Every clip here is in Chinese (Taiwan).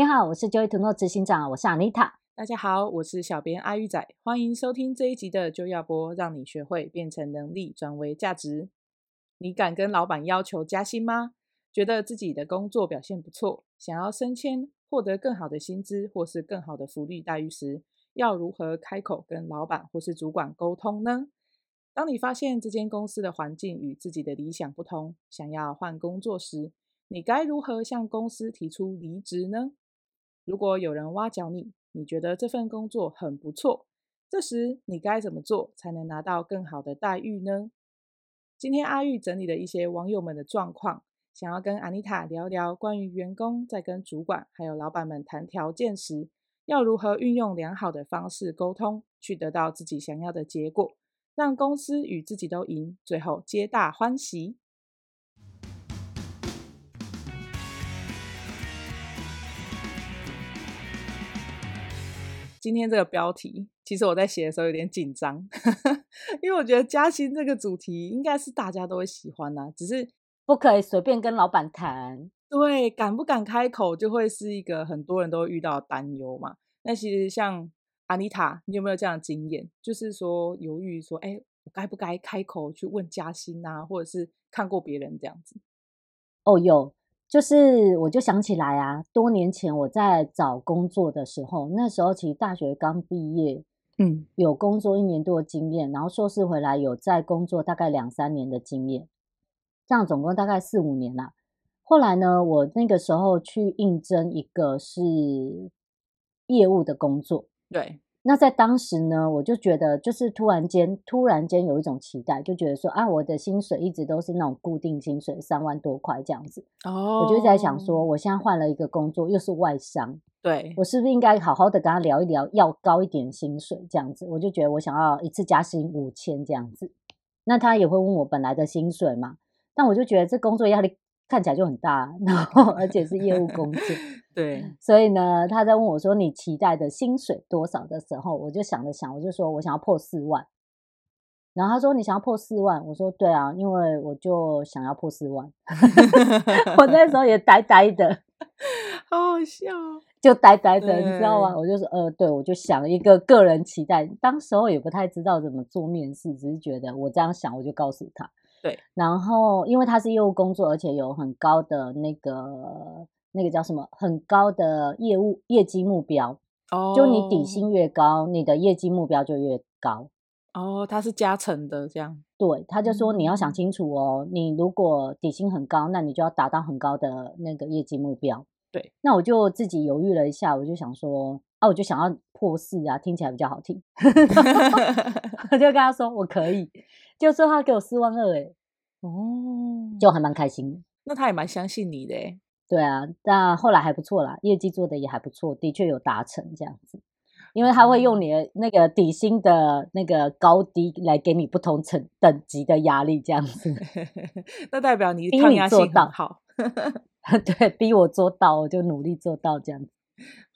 你好，我是 Joy to Know 執行長，我是 Anita。大家好，我是小編阿玉仔。歡迎收聽這一集的《就要播》，讓你學會變成能力轉為價值。你敢跟老闆要求加薪嗎？覺得自己的工作表現不錯，想要升遷，獲得更好的薪資或是更好的福利待遇時，要如何開口跟老闆或是主管溝通呢？當你發現這間公司的環境與自己的理想不同，想要換工作時，你該如何向公司提出離職呢？如果有人挖角你，你覺得這份工作很不錯，這時你該怎麼做才能拿到更好的待遇呢？今天阿玉整理了一些網友們的狀況，想要跟安妮塔聊聊關於員工在跟主管還有老闆們談條件時，要如何運用良好的方式溝通，去得到自己想要的結果，讓公司與自己都贏，最後皆大歡喜。今天這個標題，其實我在寫的時候有點緊張，呵呵，因為我覺得加薪這個主題應該是大家都會喜歡啊，只是不可以隨便跟老闆談。對，敢不敢開口就會是一個很多人都會遇到的擔憂嘛。那其實像阿妮塔，你有沒有這樣的經驗？就是說猶豫說，哎，我該不該開口去問加薪啊？或者是看過別人這樣子？哦，有。就是，我就想起來啊，多年前我在找工作的時候，那時候其實大學剛畢業，嗯，有工作一年多的經驗，然後碩士回來有在工作大概兩三年的經驗，這樣總共大概四五年了。後來呢，我那個時候去應徵一個是業務的工作，對。那在當時呢，我就覺得就是突然間，突然間有一種期待，就覺得說啊，我的薪水一直都是那種固定薪水三萬多塊這樣子。哦、oh。我就在想說，我現在換了一個工作，又是外商，對，我是不是應該好好的跟他聊一聊，要高一點薪水這樣子？我就覺得我想要一次加薪五千這樣子。那他也會問我本來的薪水嘛？但我就覺得這工作壓力，看起來就很大、啊，然後而且是業務工作， 對，所以呢，他在問我說你期待的薪水多少的時候，我就想了想，我就說我想要破四萬。然後他說你想要破四萬，我說對啊，因為我就想要破四萬。 我那時候也呆呆,呆,的, 呆,呆的，好好笑、喔，就呆呆的，你知道嗎、啊？我就說呃，對，我就想一個個人期待，當時候也不太知道怎麼做面試，只是覺得我這樣想，我就告訴他。對，然後因為他是業務工作，而且有很高的那個那個叫什麼，很高的業務業績目標。哦，就你底薪越高，你的業績目標就越高。哦，他是加成的這樣。對，他就說你要想清楚哦，嗯，你如果底薪很高，那你就要達到很高的那個業績目標。對，那我就自己猶豫了一下，我就想說。啊，我就想要破四啊，聽起來比較好聽。我 就跟他說我可以，就說他給我四萬二、欸，哎，哦，就還蠻開心。那他也蠻相信你的、欸，對啊，但後來還不錯啦，業績做得也還不錯，的確有達成這樣子。因為他會用你的那個底薪的那個高低來給你不同層等級的壓力，這樣子。 那代表你逼你做到好， 對，逼我做到，我就努力做到這樣子。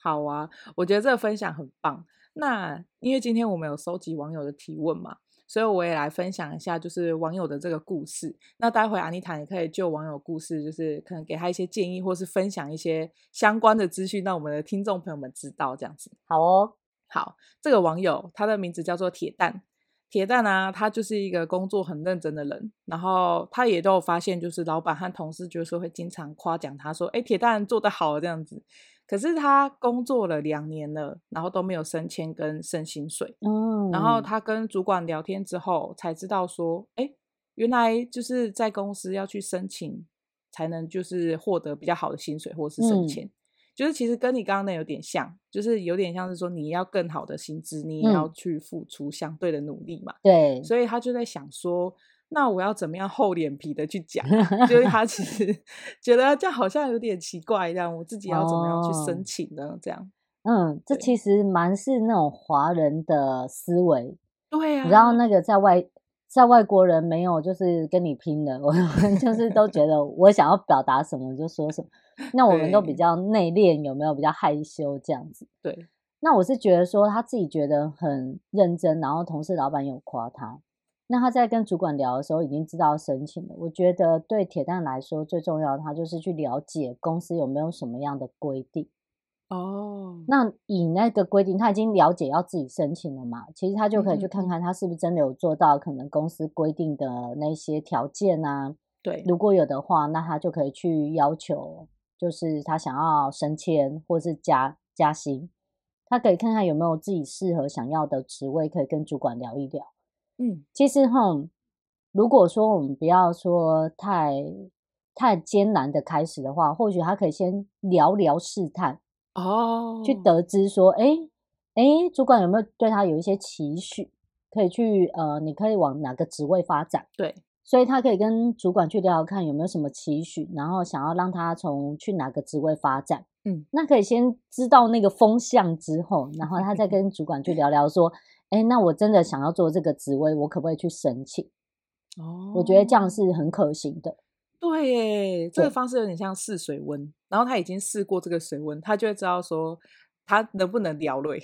好啊，我覺得這個分享很棒。那因為今天我們有收集網友的提問嘛，所以我也來分享一下，就是網友的這個故事。那待會阿妮塔也可以就網友故事，就是可能給他一些建議，或是分享一些相關的資訊，讓我們的聽眾朋友們知道這樣子。好哦，好，這個網友他的名字叫做鐵蛋。鐵蛋啊，他就是一個工作很認真的人，然後他也都有發現，就是老闆和同事就是會經常誇獎他說：“哎，鐵蛋做得好這樣子。”可是他工作了兩年了，然後都沒有升遷跟升薪水。然後他跟主管聊天之後才知道說：“哎，原來就是在公司要去申請，才能就是獲得比較好的薪水或是升遷。”嗯。就是其實跟你剛剛那有點像，就是有點像是說你要更好的薪資，你也要去付出相對的努力嘛、嗯。對，所以他就在想說，那我要怎麼樣厚臉皮的去講？ 就是他其實覺得這樣好像有點奇怪，這樣我自己要怎麼樣去申請呢？這樣嗯，嗯，這其實蠻是那種華人的思維，對啊，然後那個在外。在外國人沒有，就是跟你拼的，我就是都覺得我想要表達什麼就說什麼。 那我們都比較內斂，有沒有比較害羞這樣子？對。那我是覺得說他自己覺得很認真，然後同事、老板有誇他。那他在跟主管聊的時候已經知道申請了。我覺得對鐵蛋來說最重要，他就是去了解公司有沒有什麼樣的規定。哦，那以那個規定，他已經了解要自己申請了嘛？其實他就可以去看看，他是不是真的有做到可能公司規定的那些條件啊？對，如果有的話，那他就可以去要求，就是他想要升遷或是加加薪，他可以看看有沒有自己適合想要的職位，可以跟主管聊一聊。嗯，其實哈，如果說我們不要說太太艱難的開始的話，或許他可以先聊聊試探。哦、oh.，去得知說，哎、欸，哎、欸，主管有沒有對他有一些期許？可以去，呃，你可以往哪個職位發展？對，所以他可以跟主管去聊聊，看有沒有什麼期許，然後想要讓他從去哪個職位發展。嗯，那可以先知道那個風向之後，然後他再跟主管去聊聊說，哎、mm -hmm. 欸，那我真的想要做這個職位，我可不可以去申請？哦、oh.，我覺得這樣是很可行的。對，這個方式有點像試水溫，然後他已經試過這個水溫，他就會知道說他能不能撩淚，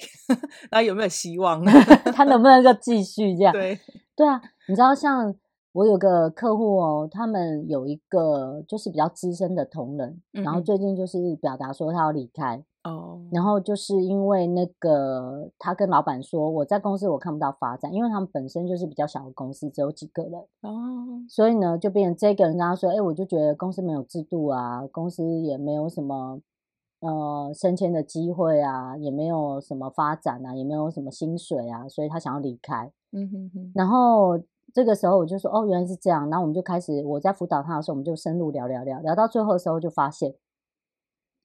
然後有沒有希望， 他能不能再繼續這樣？對，對啊，你知道像我有個客戶哦，他們有一個就是比較資深的同仁，嗯，然後最近就是表達說他要離開。哦、oh.，然後就是因為那個，他跟老闆說，我在公司我看不到發展，因為他們本身就是比較小的公司，只有幾個人，哦、oh.，所以呢，就變成這個人跟他說，哎、欸，我就覺得公司沒有制度啊，公司也沒有什麼呃升遷的機會啊，也沒有什麼發展啊，也沒有什麼薪水啊，所以他想要離開。嗯哼哼。然後這個時候我就說，哦，原來是這樣，然後我們就開始我在輔導他的時候，我們就深入聊聊聊，聊到最後的時候就發現。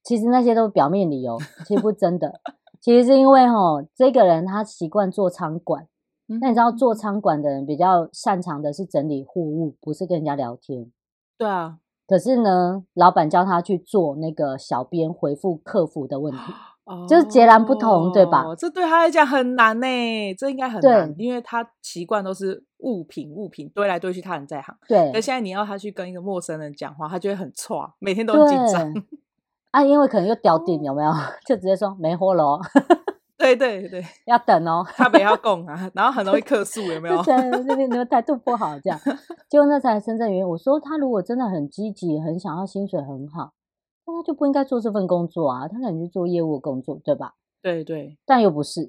其實那些都是表面理由，其實不真的。 其實是因為齁，這個人他習慣做倉管，那你知道做倉管的人比較擅長的是整理貨物，不是跟人家聊天。對啊。可是呢，老闆叫他去做那個小編回復客服的問題，哦、就是截然不同，對吧？這對他來講很難呢、欸，這應該很難，因為他習慣都是物品物品堆來堆去，他很在行。對。那現在你要他去跟一個陌生人講話，他就會很挫，每天都很緊張。啊，因為可能又掉頂有沒有？就直接說沒貨嘍、喔。 對對對，要等哦、喔。 他不要供啊，然後很容易客訴，有沒有？真 的， 那邊態度不好、啊，這樣。結果那才真正原因。我說他如果真的很積極，很想要薪水很好，那他就不應該做這份工作啊。他可能去做業務工作，對吧？對對，但又不是。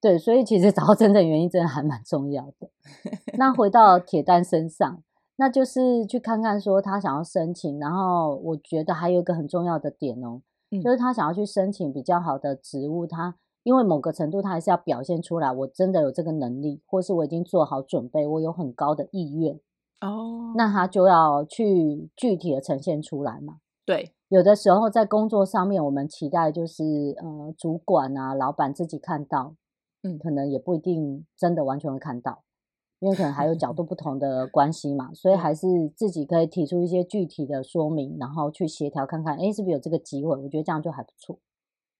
對，所以其實找到真正原因真的還蠻重要的。 那回到鐵蛋身上。那就是去看看，說他想要申請，然後我覺得還有一個很重要的點哦，嗯，就是他想要去申請比較好的職務，他因為某個程度他還是要表現出來，我真的有這個能力，或是我已經做好準備，我有很高的意願哦，那他就要去具體的呈現出來嘛。對，有的時候在工作上面，我們期待就是呃，主管啊、老闆自己看到，嗯，可能也不一定真的完全會看到。因為可能還有角度不同的關係嘛、嗯，所以還是自己可以提出一些具體的說明，嗯、然後去協調看看，誒，是不是有這個機會？我覺得這樣就還不錯。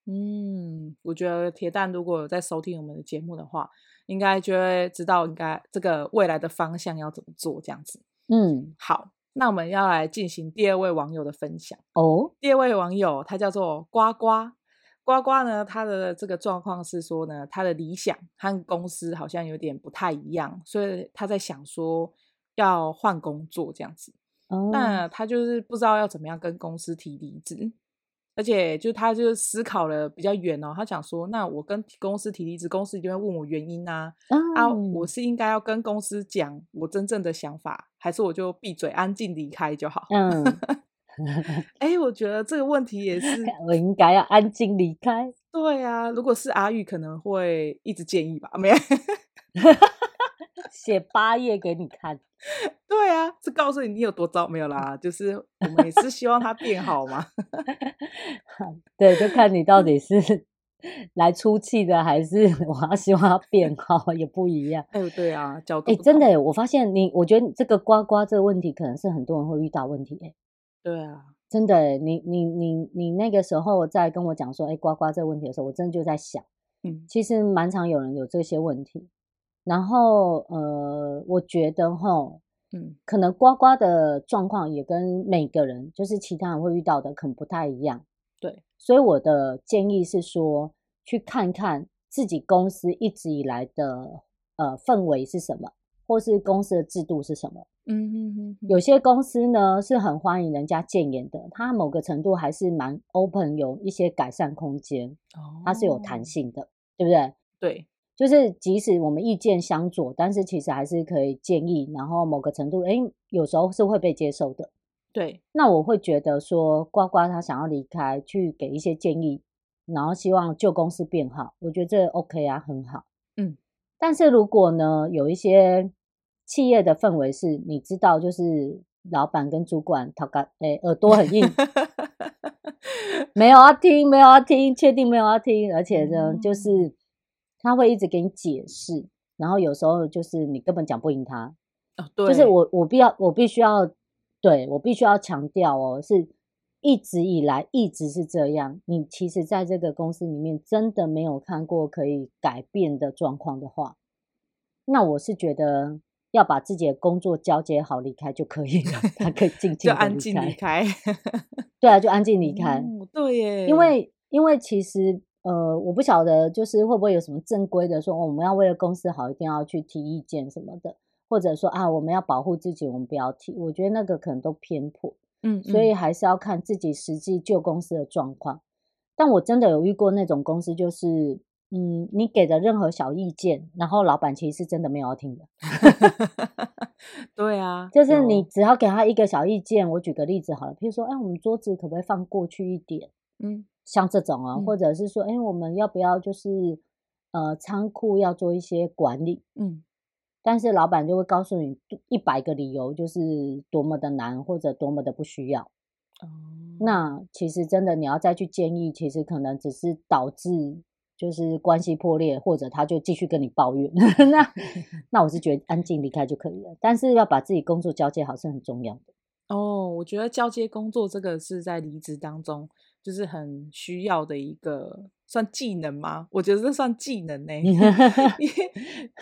嗯，我覺得鐵蛋如果有在收聽我們的節目的話，應該就會知道應該這個未來的方向要怎麼做這樣子。嗯，好，那我們要來進行第二位網友的分享哦。第二位網友他叫做呱呱。呱呱呢？他的這個狀況是說呢，他的理想和公司好像有點不太一樣，所以他在想說要換工作這樣子。那、oh. 他就是不知道要怎麼樣跟公司提離職，而且就他就思考了比較遠哦、喔。他想說，那我跟公司提離職，公司一定會問我原因啊、oh. 啊，我是應該要跟公司講我真正的想法，還是我就閉嘴安靜離開就好？嗯、oh. 哎、 欸，我覺得這個問題也是， 我應該要安靜離開。對呀、啊，如果是阿玉，可能會一直建議吧。沒 寫八頁給你看。對呀、啊，這告訴你你有多糟。沒有啦， 就是我們也是希望他變好嘛。 對，就看你到底是來出氣的， 還是我希望他變好， 也不一樣。對、欸、對啊，角度。哎、欸，真的、欸，我發現你，我覺得這個刮刮這個問題，可能是很多人會遇到問題、欸對啊，真的、欸，你你你你那個時候在跟我講說，哎、欸，呱呱這個問題的時候，我真的就在想，嗯，其實蠻常有人有這些問題，然後呃，我覺得哈，嗯，可能呱呱的狀況也跟每個人，就是其他人會遇到的，可能不太一樣，對，所以我的建議是說，去看看自己公司一直以來的呃氛圍是什麼。或是公司的制度是什麼？嗯嗯嗯，有些公司呢是很歡迎人家建言的，它某個程度還是蠻 open，有一些改善空間，哦，它是有彈性的，對不對？對，就是即使我們意見相左，但是其實還是可以建議，然後某個程度，哎，有時候是會被接受的。對，那我會覺得說，呱呱他想要離開，去給一些建議，然後希望舊公司變好，我覺得這 OK 啊，很好。嗯，但是如果呢，有一些企業的氛圍是你知道，就是老板跟主管他敢，哎、欸，耳朵很硬， 沒有要聽，沒有要聽，確定沒有要聽。而且呢、嗯，就是他會一直給你解釋，然後有時候就是你根本講不贏他。哦、對，就是我我必要我必須要，對我必須要強調哦，是一直以來一直是這樣。你其實在這個公司裡面真的沒有看過可以改變的狀況的話，那我是覺得。要把自己的工作交接好，離開就可以了。他可以靜靜地離開 就安靜離開， 對啊，就安靜離開。嗯，對耶。因為因為其實呃，我不曉得就是會不會有什麼正規的說，哦，我們要為了公司好，一定要去提意見什麼的，或者說啊，我們要保護自己，我們不要提。我覺得那個可能都偏頗。嗯，嗯，所以還是要看自己實際舊公司的狀況。但我真的有遇過那種公司，就是。嗯，你給的任何小意見，然後老闆其實是真的沒有要聽的。 對啊，就是你只要給他一個小意見，我舉個例子好了，譬如說、欸，我們桌子可不可以放過去一點？嗯，像這種啊，或者是說，欸、我們要不要就是呃，倉庫要做一些管理？嗯，但是老闆就會告訴你一百個理由，就是多麼的難，或者多麼的不需要。哦、嗯，那其實真的你要再去建議，其實可能只是導致。就是關係破裂，或者他就繼續跟你抱怨，那那我是覺得安靜離開就可以了。但是要把自己工作交接好是很重要的。哦，我覺得交接工作這個是在離職當中就是很需要的一個算技能嗎？我覺得這算技能呢？欸。 因為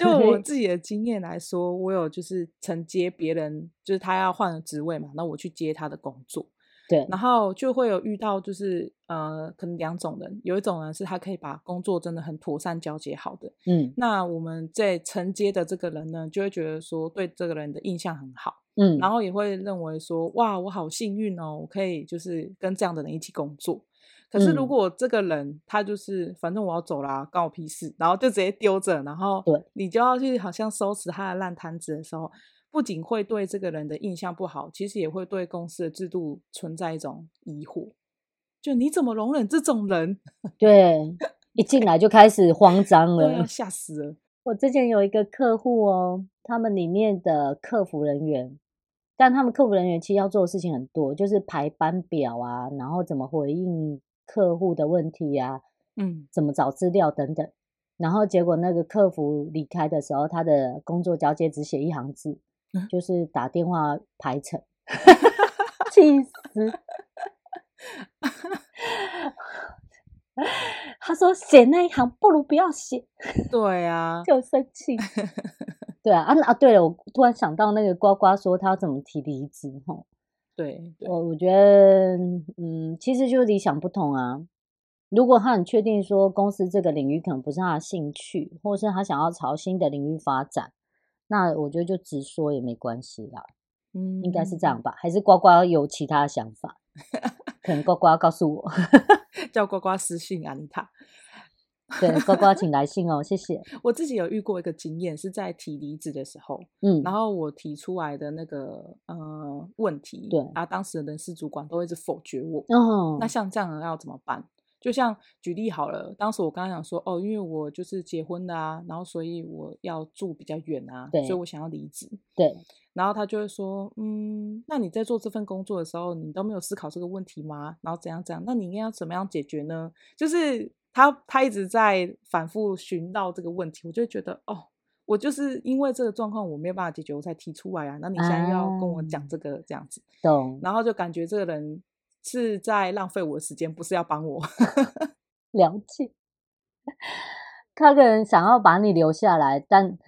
就我自己的經驗來說，我有就是承接別人，就是他要換職位嘛，那我去接他的工作。對，然後就會有遇到，就是呃，可能兩種人，有一種人是他可以把工作真的很妥善交接好的，嗯，那我們在承接的這個人呢，就會覺得說對這個人的印象很好，嗯，然後也會認為說哇，我好幸運哦，我可以就是跟這樣的人一起工作。可是如果這個人、嗯、他就是反正我要走了、啊，關我屁事，然後就直接丟着，然後對，你就要去好像收拾他的爛攤子的時候，不僅會對這個人的印象不好，其實也會對公司的制度存在一種疑惑。就你怎麼容忍這種人？對，一進來就開始慌張了，嚇死了！我之前有一個客戶哦，他們裡面的客服人員，但他們客服人員其實要做的事情很多，就是排班表啊，然後怎麼回應客戶的問題呀，啊，嗯，怎麼找資料等等。然後結果那個客服離開的時候，他的工作交接只寫一行字。.嗯、就是打電話排程， 氣 氣死！ 他說，寫那一行不如不要寫 對、啊 ，對啊，就生氣。對啊，啊，對了，我突然想到那個呱呱說他要怎麼提離職哈。對，我我覺得嗯，其實就是理想不同啊。如果他很確定說公司這個領域可能不是他的興趣，或是他想要朝新的領域發展。那我覺得就直說也沒關係啦，嗯，應該是這樣吧？還是呱呱有其他想法？ 可能呱呱告訴我， 叫呱呱私信安妮塔。 對，呱呱請來信哦，謝謝。我自己有遇過一個經驗，是在提離職的時候，嗯，然後我提出來的那個嗯、呃、問題，對啊，當時的人事主管都一直否決我，嗯、哦，那像這樣要怎麼辦？就像舉例好了，當時我剛剛講說哦，因為我就是結婚的啊，然後所以我要住比較遠啊，所以我想要離職。對，然後他就會說，嗯，那你在做這份工作的時候，你都沒有思考這個問題嗎？然後怎樣怎樣？那你應該要怎麼樣解決呢？就是他他一直在反覆尋到這個問題，我就會覺得哦，我就是因為這個狀況，我沒有辦法解決，我才提出來啊。那你現在要跟我講這個這樣子、嗯，懂，然後就感覺這個人。是在浪費我的時間，不是要幫我 了解。他可能想要把你留下來，但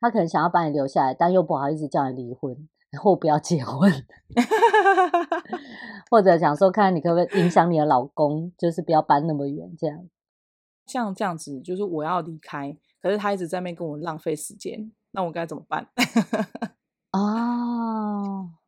他可能想要把你留下來，但又不好意思叫你離婚或不要結婚， 或者想說看你可不可以影響你的老公，就是不要搬那麼遠這樣。像這樣子，就是我要離開，可是他一直在那邊跟我浪費時間，那我該怎麼辦？ 哦。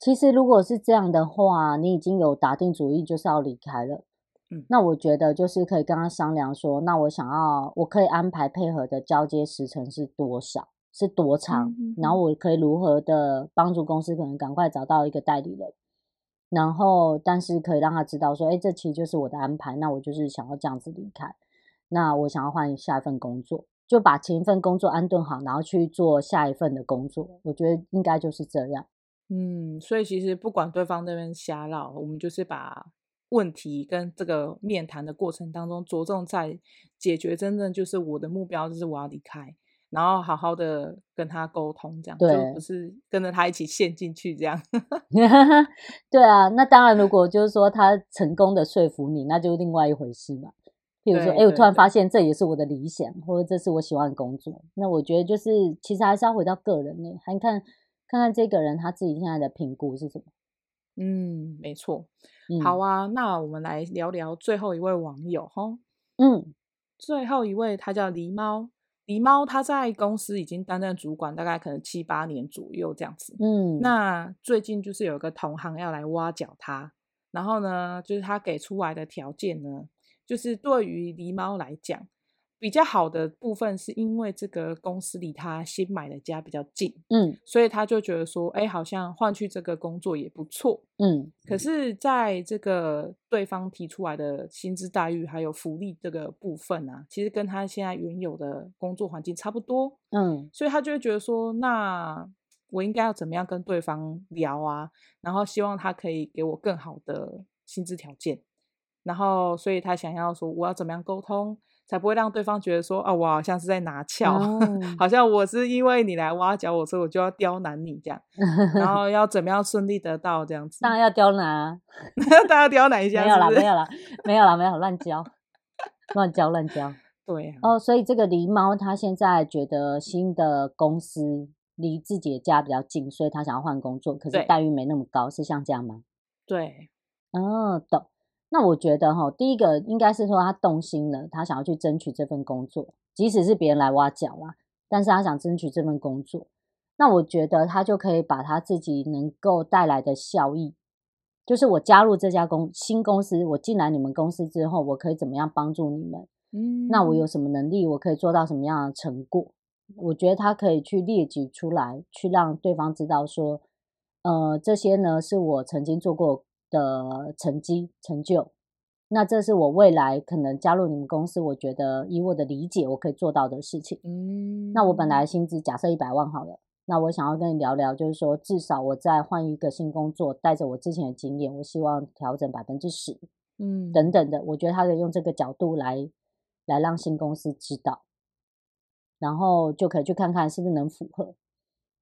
其實，如果是這樣的話，你已經有打定主意就是要離開了。嗯，那我覺得就是可以跟他商量說，那我想要，我可以安排配合的交接時程是多少，是多長，嗯嗯，然後我可以如何的幫助公司可能趕快找到一個代理人。然後，但是可以讓他知道說，欸，這其實就是我的安排。那我就是想要這樣子離開。那我想要換下一份工作，就把前一份工作安頓好，然後去做下一份的工作。我覺得應該就是這樣。嗯，所以其實不管對方那邊瞎鬧，我們就是把問題跟這個面談的過程當中着重在解決。真正就是我的目標就是我要離開，然後好好的跟他溝通，這樣，對，不是跟着他一起陷進去這樣。 對啊，那當然，如果就是說他成功的說服你， 那就是另外一回事嘛。譬如說，哎，我突然發現這也是我的理想，對對對或者這是我喜歡的工作，那我覺得就是其實還是要回到個人內、欸，你看。看看這個人他自己現在的評估是什麼？嗯，沒錯、嗯。好啊，那我們來聊聊最後一位網友哈。嗯，最後一位他叫狸貓，狸貓他在公司已經擔任主管大概可能七八年左右這樣子。嗯，那最近就是有一個同行要來挖角他，然後呢，就是他給出來的條件呢，就是對於狸貓來講。比較好的部分是因為這個公司離他新買的家比較近，嗯，所以他就覺得說，哎、欸，好像換去這個工作也不錯，嗯。可是，在這個對方提出來的薪資待遇還有福利這個部分啊，其實跟他現在原有的工作環境差不多，嗯，所以他就會覺得說，那我應該要怎麼樣跟對方聊啊？然後希望他可以給我更好的薪資條件，然後，所以他想要說，我要怎麼樣溝通？才不會讓對方覺得說啊，我好像是在拿翹。Oh. 好像我是因為你來挖角我，所以我就要刁難你這樣，然後要怎麼樣順利得到這樣子？ 當然要刁難，啊， 當然要刁難一下子 沒有啦，沒有啦，沒有啦，沒有亂教，亂教，亂教。 對哦、啊。Oh, 所以這個狸貓它現在覺得新的公司離自己的家比較近，所以它想要換工作，可是待遇沒那麼高，是像這樣嗎？對，哦、oh,，懂。那我覺得哈，第一個應該是說，他動心了，他想要去爭取這份工作，即使是別人來挖角啦、啊。但是他想爭取這份工作，那我覺得他就可以把他自己能夠帶來的效益，就是我加入這家公新公司，我進來你們公司之後，我可以怎麼樣幫助你們？嗯，那我有什麼能力，我可以做到什麼樣的成果？我覺得他可以去列舉出來，去讓對方知道說，呃，這些呢是我曾經做過的成績成就，那這是我未來可能加入你們公司，我覺得以我的理解，我可以做到的事情。嗯，那我本來薪資假設一百萬好了，那我想要跟你聊聊，就是說至少我再換一個新工作，帶着我之前的經驗，我希望調整百分之十，嗯，等等的，我覺得他可以用這個角度來來讓新公司知道，然後就可以去看看是不是能符合。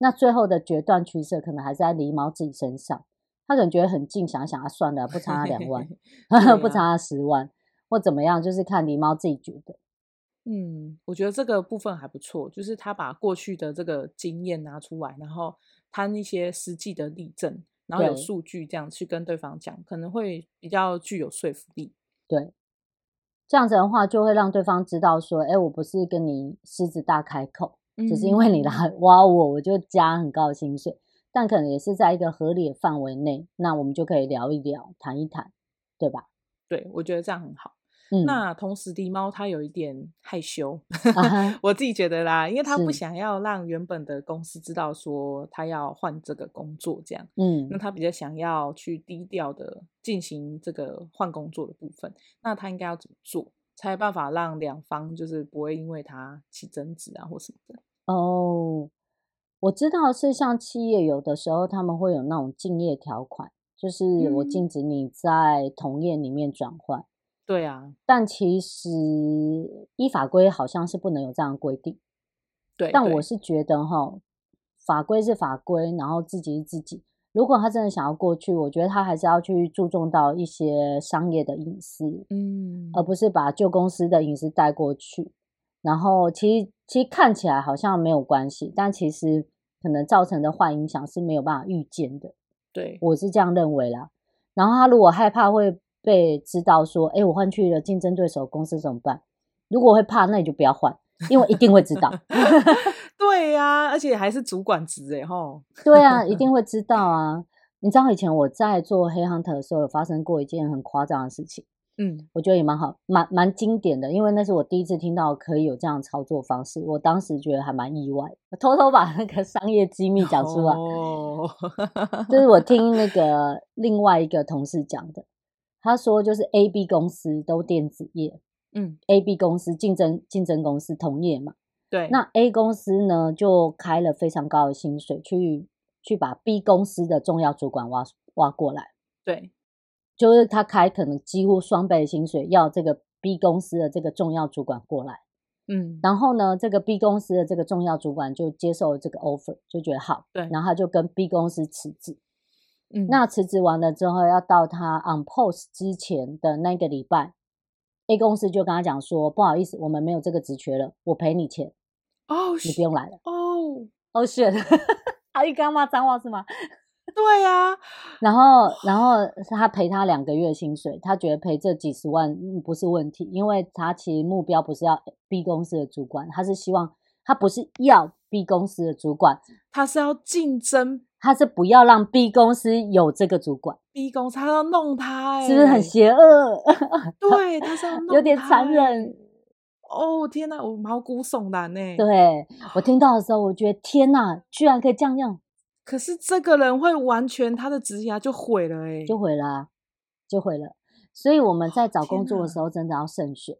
那最後的決斷取捨，可能還是在狸貓自己身上。他可能覺得很近，想要想啊，算了，不差他兩萬， 對啊、 不差他十萬，或怎麼樣，就是看狸貓自己覺得。嗯，我覺得這個部分還不錯，就是他把過去的這個經驗拿出來，然後攤一些實際的例證，然後有數據這樣去跟對方講，可能會比較具有說服力。對，這樣子的話，就會讓對方知道說，哎，我不是跟你獅子大開口、嗯，只是因為你來挖我，我就加很高的薪水。但可能也是在一個合理的範圍內，那我們就可以聊一聊，談一談，對吧？對，我覺得這樣很好。嗯、那同時，D 貓他有一點害羞，啊、 我自己覺得啦，因為他不想要讓原本的公司知道說他要換這個工作這樣。嗯，那他比較想要去低調的進行這個換工作的部分。那他應該要怎麼做，才有辦法讓兩方就是不會因為他起爭執啊或什麼的？哦。我知道是像企業有的時候他們會有那種競業條款，就是我禁止你在同業裡面轉換。嗯。對啊，但其實依法規好像是不能有這樣的規定對。對，但我是覺得吼，法規是法規，然後自己是自己。如果他真的想要過去，我覺得他還是要去注重到一些商業的隱私，嗯，而不是把舊公司的隱私帶過去。然後其實。其實看起來好像沒有關係，但其實可能造成的壞影響是沒有辦法預見的。對，我是這樣認為啦。然後他如果害怕會被知道說，哎、欸，我換去了競爭對手公司怎麼辦？如果會怕，那你就不要換，因為一定會知道。 對呀、啊，而且還是主管職哎吼。 對啊，一定會知道啊。你知道以前我在做 headhunter 的時候，有發生過一件很誇張的事情。嗯，我覺得也蠻好，蠻蠻經典的，因為那是我第一次聽到可以有這樣的操作方式，我當時覺得還蠻意外。偷偷把那個商業機密講出來，哦，就是我聽那個另外一個同事講的，他說就是 A B 公司都電子業，嗯，A B 公司競爭競爭公司同業嘛，對，那 A 公司呢就開了非常高的薪水去去把 B 公司的重要主管挖挖過來，對。就是他開可能幾乎雙倍薪水，要這個 B 公司的這個重要主管過來，嗯，然後呢，這個 B 公司的這個重要主管就接受了這個 offer，就覺得好，對，然後他就跟 B 公司辭職，嗯，那辭職完了之後，要到他 on post 之前的那個禮拜，A 公司就跟他講說，不好意思，我們沒有這個職缺了，我賠你錢，哦、oh，你不用來了，哦，哦，shit，阿姨剛剛罵髒話是嗎？對呀、啊，然後，然後他賠他兩個月薪水，他覺得賠這幾十萬不是問題，因為他其實目標不是要 B 公司的主管，他是希望他不是要 B 公司的主管，他是要競爭，他是不要讓 B 公司有這個主管。B 公司他要弄他、欸，哎，是不是很邪惡？對，他是要弄他、欸、 有點殘忍。哦天哪、啊，我毛骨悚然呢、欸。對我聽到的時候，我覺得天哪、啊，居然可以這樣樣。可是這個人會完全他的職涯就毀了、欸，哎，就毀了、啊，就毀了。所以我們在找工作的時候，真、哦、的要慎選。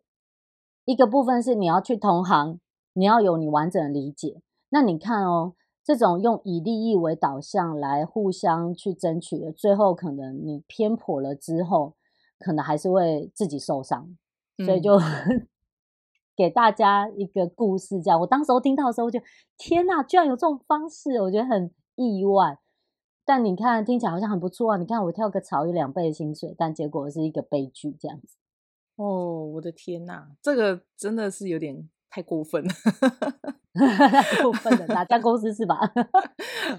一個部分是你要去同行，你要有你完整的理解。那你看哦，這種用以利益為導向來互相去爭取，的，最後可能你偏頗了之後，可能還是會自己受傷、嗯。所以就 給大家一個故事，這樣。我當時候聽到的時候我就，就天吶居然有這種方式，我覺得很。意外，但你看，聽起來好像很不錯啊！你看我跳個槽一兩倍的薪水，但結果是一個悲劇這樣子。哦，我的天吶、啊，這個真的是有點太過分了， 太過分了。哪家公司是吧？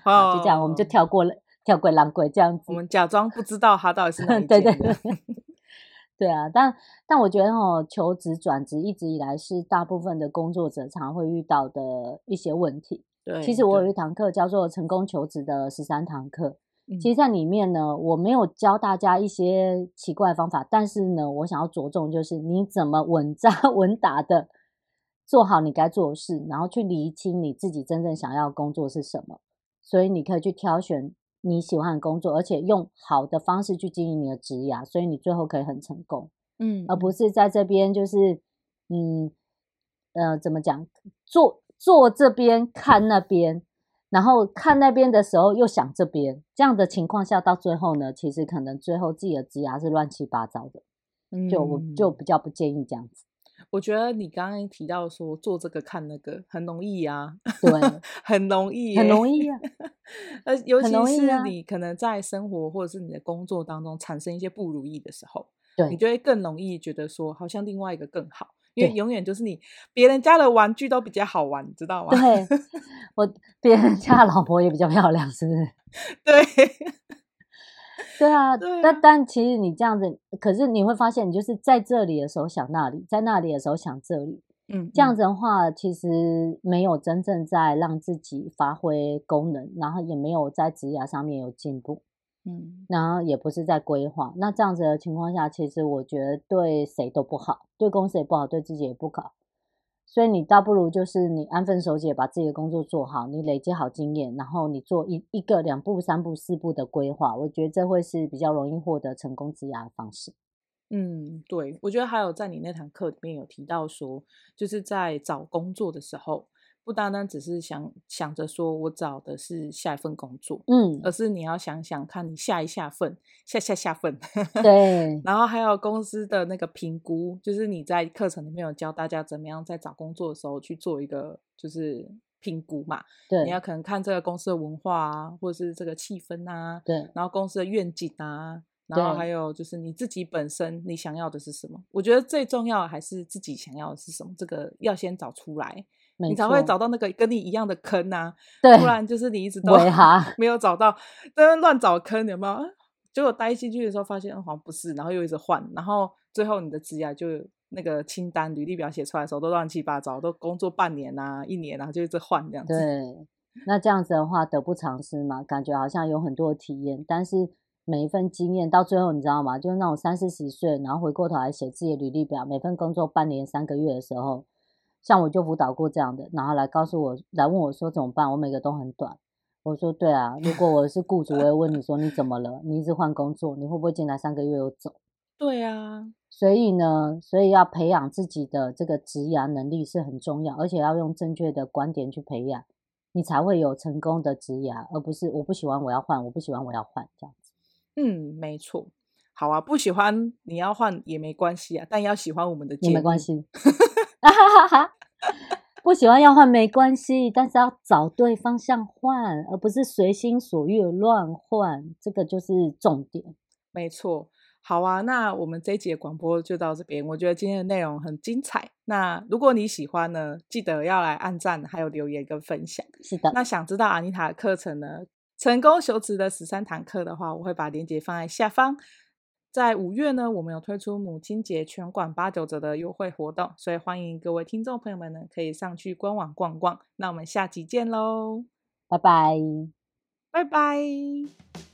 哦、 oh,，就這樣，我們就跳過了跳過爛鬼這樣子。我們假裝不知道他到底是怎 對對對， 對啊！但但我覺得哦，求職轉職一直以來是大部分的工作者常會遇到的一些問題。其實我有一堂課叫做《成功求職的十三堂課》，其實在裡面呢，我沒有教大家一些奇怪的方法，但是呢，我想要着重就是你怎麼穩紮穩打的做好你該做的事，然後去理清你自己真正想要的工作是什麼，所以你可以去挑選你喜歡的工作，而且用好的方式去經營你的職業，所以你最後可以很成功，嗯，而不是在這邊就是嗯呃怎麼講做。坐這邊看那邊，然後看那邊的時候又想這邊，這樣的情況下到最後呢，其實可能最後自己的職涯是亂七八糟的，就我就比較不建議這樣子。嗯、我覺得你剛剛提到說做這個看那個很容易啊，對， 很容易，欸，很容易。啊。 尤其是你可能在生活或者是你的工作當中產生一些不如意的時候，對你就會更容易覺得說好像另外一個更好。因為永遠就是你，別人家的玩具都比較好玩，你知道嗎？對，我，別人家老婆也比較漂亮， 是不是？對，對啊。對啊，但但其實你這樣子，可是你會發現，你就是在這裡的時候想那裡，在那裡的時候想這裡。嗯，嗯，這樣子的話，其實沒有真正在讓自己發揮功能，然後也沒有在職業上面有進步。嗯，然後也不是在規劃，那這樣子的情況下，其實我覺得對誰都不好，對公司也不好，對自己也不好。所以你倒不如就是你安分守己，把自己的工作做好，你累積好經驗，然後你做一一個兩步三步四步的規劃，我覺得這會是比較容易獲得成功職涯的方式。嗯，對，我覺得還有在你那堂課裡面有提到說，就是在找工作的時候。不單單只是想想着說，我找的是下一份工作，嗯，而是你要想想看你下一下份下下下份，對。 然後還有公司的那個評估，就是你在課程裡面有教大家怎麼樣在找工作的時候去做一個就是評估嘛，對。你要可能看這個公司的文化啊，或者是這個氣氛啊，對。然後公司的願景啊，然後還有就是你自己本身你想要的是什麼？我覺得最重要的還是自己想要的是什麼，這個要先找出來。你才會找到那個跟你一樣的坑啊！對，不然就是你一直都沒有找到，呃、在那亂找坑，有沒有？結果待進去的時候發現、嗯、好像不是，然後又一直換，然後最後你的職業就那個清單、履歷表寫出來的時候都亂七八糟，都工作半年啊、一年啊，就一直換這樣子。對，那這樣子的話得不償失嘛， 感覺好像有很多的體驗，但是每一份經驗到最後你知道嗎？就是那種三四十歲，然後回過頭來寫自己的履歷表，每份工作半年、三個月的時候。像我就輔導過這樣的，然後來告訴我，來問我說怎麼辦？我每個都很短。我說對啊，如果我是雇主，我會問你說你怎麼了？你一直換工作，你會不會進來三個月又走？對啊，所以呢，所以要培養自己的這個職涯能力是很重要，而且要用正確的觀點去培養，你才會有成功的職涯，而不是我不喜歡我要換，我不喜歡我要換這樣子。嗯，沒錯。好啊，不喜歡你要換也沒關係啊，但要喜歡我們的也沒關係。 不喜歡要換沒關係，但是要找對方向換，而不是隨心所欲亂換，這個就是重點。沒錯，好啊，那我們這一集的廣播就到這邊。我覺得今天的內容很精彩。那如果你喜歡呢，記得要來按讚，還有留言跟分享。是的，那想知道阿妮塔的課程呢，成功求職的十三堂課的話，我會把鏈接放在下方。在五月呢，我們有推出母親節全館八九折的優惠活動，所以歡迎各位聽眾朋友們呢，可以上去官網逛逛。那我們下集見嘍，拜拜，拜拜。